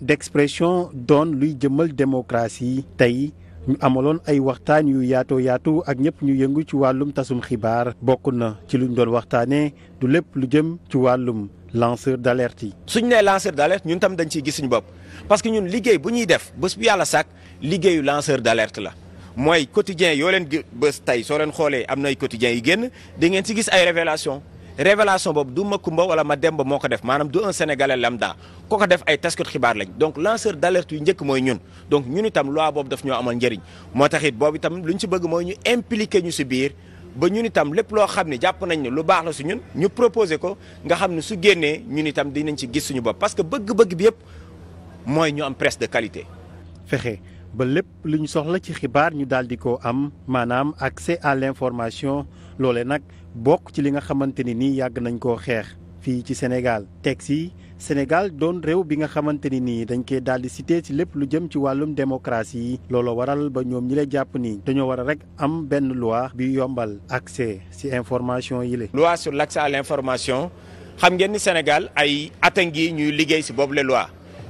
d'expression doon luy jëmal démocratie tey ñu amaloon ay waxtaan yu yaatoo yaatu ak ñëpp ñu yëngu ci wàllum tasum xibaar bokk na ci lu ñu doon waxtaanee du lépp lu jëm ci wàllum lanceur d'alerte yi. suñ nee lanceur d'alerte ñun tam dañ ciy gisuñu bopp parce que ñun liggéey bu ñuy def bés bu yàlla sàkk liggéeyu lanceur d'alerte la. mooy quotidien yoo leen bés tey soo leen xoolee am na ay quotidien yi génn di ngeen ci gis ay révélation révélation boobu du ma ma dem ba moo ko def maanaam du un sénégalais lambda ko ko def ay taskatu xibaar lañ donc lanceur d'alerte yu njëkk mooy ñun donc ñun itam loi boobu daf ñoo amal njariñ moo taxit boobu itam lu ñu ci bëgg mooy ñu impliqué ñu si biir ba ñun itam lépp loo xam ne jàpp nañ ne lu baax la su ñun ñu proposé ko nga xam ne su génnee ñun itam dinañ ci gis suñu bopp parce que bëgg-bëgg bi yëpp mooy ñu am presse de qualité fexe ba lépp lu ñu soxla ci xibaar ñu daal di ko am maanaam accès à l'information loole nag bokk ci li nga xamante ni nii yàgg nañ koo xeex fii ci Sénégal teg si Sénégal doon réew bi nga xamante ni nii dañ koy daal di cité ci lépp lu jëm ci wàllum démocratie looloo waral ba ñoom ñi lay jàpp ni dañoo war a rek am benn loi bi yombal accès ci information yi la. loi sur l'accès à l'information xam ngeen ni Sénégal ay at a ngi ñuy liggéey si boobu le loi.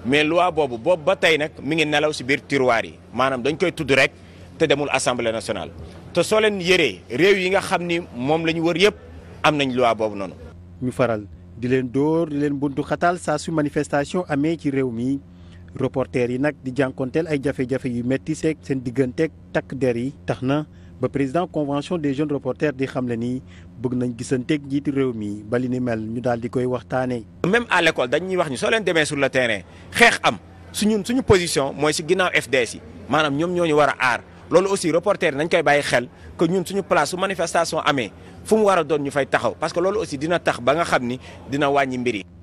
mais loi boobu boobu ba tey nag mi ngi nelaw si biir tiroir yi maanaam dañ koy tudd rek te demul assemblée nationale te soo leen yëree réew yi nga xam ni moom la ñu wër yëpp am nañ loi boobu noonu. ñu faral di leen dóor di leen buntu xatal saa su manifestation amee ci réew mi reporter yi nag di jànkonteel ay jafe-jafe yu metti seeg seen digganteeg takk der yi tax na. ba président convention des jeunes reporters di xam le ni bëgg nañ gisanteeg njiiti réew mi ba li ni mel ñu daal di koy waxtaanee. même à l'école dañuy wax ñu soo leen demee sur le terrain xeex am ñun suñu position mooy si ginnaaw FDS yi maanaam ñoom ñoo ñu war a aar loolu aussi reporter nañ koy bàyyi xel que ñun suñu place su manifestation amee fu mu war a doon ñu fay taxaw parce que loolu aussi dina tax ba nga xam ni dina wàññi mbir yi.